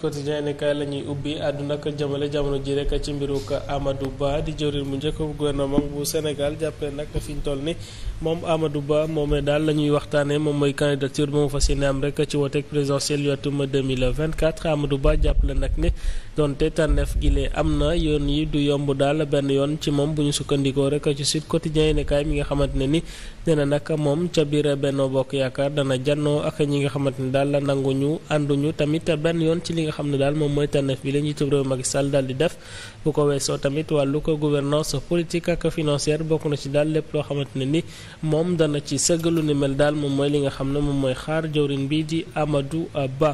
quotidien ni kay la ñuy ubbi àdduna ko jëmale jamono ji rek ci mbiru ko Amadou Ba di jëwriñ mu njëkk bu gouvernement bu Sénégal jàppee nag fi ñu toll ni moom Amadou Ba moomee daal la ñuy waxtaanee moom mooy candidature ba mu fas yéene am rek ci woteeg présidentielle yu atum 2024 Amadou Ba jàppale nag ni donte tànneef gi am na yoon yi du yomb daal benn yoon ci moom bu ñu sukkandikoo rek ci Sud Quotidien ni kay mi nga xamante ne ni nee na nag moom ca biir Benno Bokk Yaakaar dana jannoo ak ñi nga xamante ne daal nanguñu ànduñu tamit benn nga xam ne daal moom mooy tànneef bi la njiitu réew Macky Sall daal di def bu ko weesoo tamit wàllu ko gouvernance politique ak financière bokk na ci daal lépp loo xamante ne ni moom dana ci sëggalu ni mel daal moom mooy li nga xam ne moom mooy xaar jawrin bi di Amadou Ba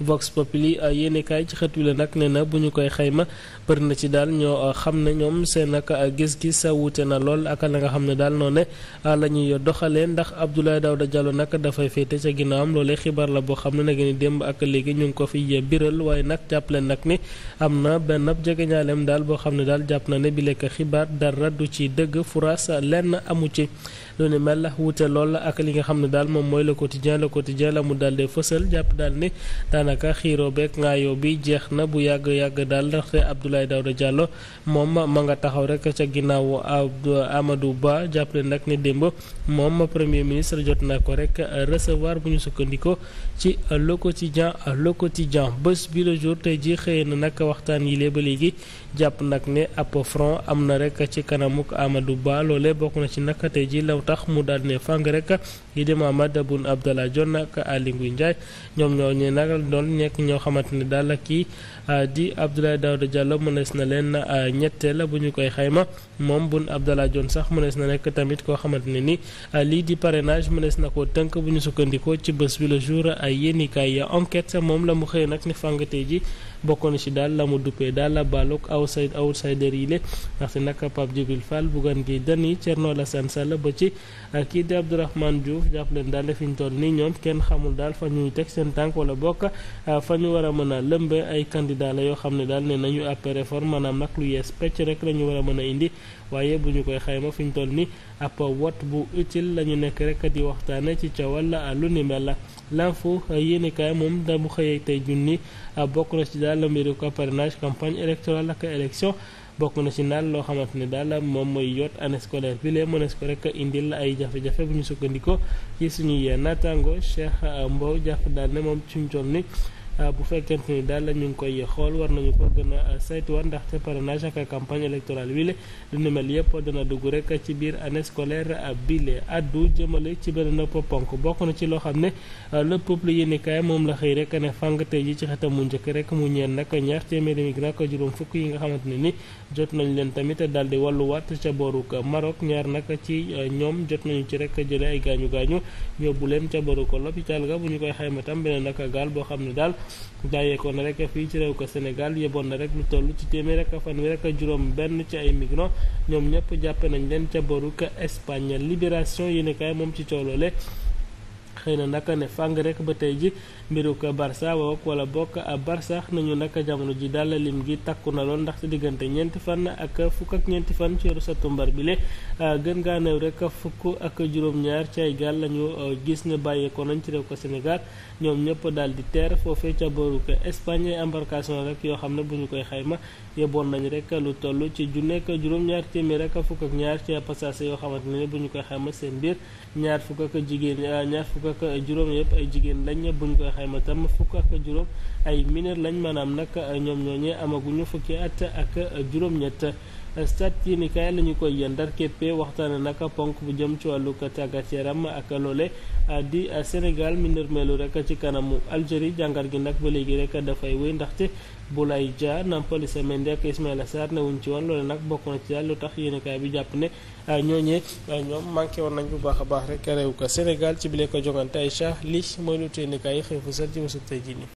Vox Populi ah, yéene kaay ci xët wi la nag nee na bu ñu koy xayma bëri na ci daal ñoo ah, xam ne ñoom seen nag ah, gis-gis wuute na lool ak la nga xam ne daal noonu ne la ñuy doxalee ndax Abdoulaye Daouda Diallo nag dafay féete ca ginnaawam loolee xibaar la boo xam ne nag ni démb ak léegi ñu ngi ko fi biral waaye nag jàpp leen nag ni am na benn jegeñaaleem daal boo xam ne daal jàpp na ne bi lekk xibaar dara du ci dëgg furaas lenn amu ci lu ne mel wuute lool ak li nga xam ne daal moom mooy le quotidien le quotidien la mu daal di fësal jàpp daal ni daanaka xiiroo beeg ngaayoo bi jeex na bu yàgg yàgg daal ndaxte Abdoulaye Daouda Diallo moom ma nga taxaw rek ca ginnaaw ginnaawu Amadou Ba jàppale nag ne démb moom ma premier ministre jot na ko rek recevoir bu ñu sukkandikoo ci le quotidien le quotidien bés bi le jour tey ji xëy na nag waxtaan yi ba léegi jàpp nag ne ab front am na rek ci kanamuk amadu Ba loolee bokk na ci nag te ji law tax mu dal ne fang rek yi di Mahammed Boun Abdallah Dionne ak Aly Ngouille Ndiaye ñoom ñoo doon nekk ñoo xamante ne daal kii ah, di Abdoulaye Daouda Diallo mënees na leen ah, ñetteel bu ñu koy xayma moom Boun Abdallah Dionne sax mënees na nekk tamit koo xamante ne nii ah, lii di parrainage mënees na ko tënk bu ñu sukkandikoo ci bés bi le jour ay yéenikaay enquête moom la mu xëy nag ni fàngatee ji bokkoon ci daal la mu duppee daal la balok outside outsider yi le ndaxte nag Pape Djibril Fall Bougane Gueye Dany Thierno Alassane Sall ba ci ah, kii di Abdourahmane Diouf jàpp leen daal fi ñu toll nii ñoom kenn xamul daal fa ñuy teg seen tànk wala bokk ah, fa ñu war a mën a lëmbe ay candidat la yoo xam ne daal nee nañu après réforme maanaam nag lu yees pecc rek la ñu war a mën a indi waaye bu ñu koy xayma fi ñu toll ni ab wot bu utile la ñu nekk rek di waxtaane ci ca wala lu ni mel la l'info euh, yéenekaay moom damu xëyee tey junni euh, bokk na ci daal mbiru parrainage campagne électorale ak élection bokk na ci daal loo xamante ne daal moom mooy yot année scolaire bi lee mënees ko rek indil ay jafe-jafe bu ñu sukkandikoo ci suñuy naataango Cheikh euh, Mbow jàpp daal ne moom ci mu toll ni Euh, bu fekkente ni daal ñu ngi koy xool war nañu ko gën a ndax euh, ndaxte parrainage ak campagne électorale wile lu ni mel yëpp dana dugg rek ci biir année scolaire euh, bile addu jëmale ci beneen ponk bokk na ci loo xam ne le peuple yéenekaay moom la xëy rek ne fàng tey ji ci xetam mu njëkk rek mu ñeen nag ñaar téeméeri mi nag juróom fukk yi nga xamante ne ni jot nañ leen tamit daal di wàlluwaat ca booru Maroc ñaar nag ci ñoom jot nañu ci rek jële ay gaañu gaañu yóbbu leen ca booru ko l'hôpital ga bu ñu koy xayma tam beneen nag gaal boo xam ne daal bàyyeekoon na rek fii ci réew ko Sénégal yeboon na rek lu toll ci téeméer ak fanweer ak juróom benn ci ay migrants ñoom ñëpp jàppe nañ leen ca boruk Espagne libération yéenekaay moom ci cooloole xëy na naka ne fàng rekk ba tey ji mbiruk Barça wook wala bokk Barça nañu naka jamono ji daal lim gi takku na lool ndax si diggante ñeenti fan ak fukk ak ñeenti fan ci weeru satumbar bi le ah, gën gaa néew rek fukk ak juróom-ñaar ci gaal lañu ah, gis ne bàyyeekoo nañ ci réew ko senegal ñoom ñëpp daal di teer foofe ca booru ko Espagne embarcation rek yoo xam ne bu ñu koy xayma yeboon nañ rek lu toll ci nekk juróom-ñaar téeméer rek ak ñaar ci passagers yoo xamante ne bu ñu koy xayma seen biir fukk ak jigéen ah, ak juróom yëpp ay jigéen lañ buñ koy xayma tam fukk ak juróom ay mineur lañ maanaam nag ñoom ñooñee amaguñu fukki at ak juróom-ñett stade yéenekaay la ñu koy yëndar képpe waxtaane nag ponk bu jëm ci wàllu tàggat yaram ak loole di Sénégal mi nërmeelu rek ci kanamu Algérie jàngar gi nag ba léegi rek dafay wéy ndaxte Boulaye Dia Nampalys Mendy ak Ismaïla Sarr newuñ ci woon loole nag bokk na ci daal lu tax yéenekaay bi jàpp ne ñooñee ñoom manqué woon nañ bu baax a Kourante Aïcha li mooy lu téye ni kaay xëy ci bësub tey jii nii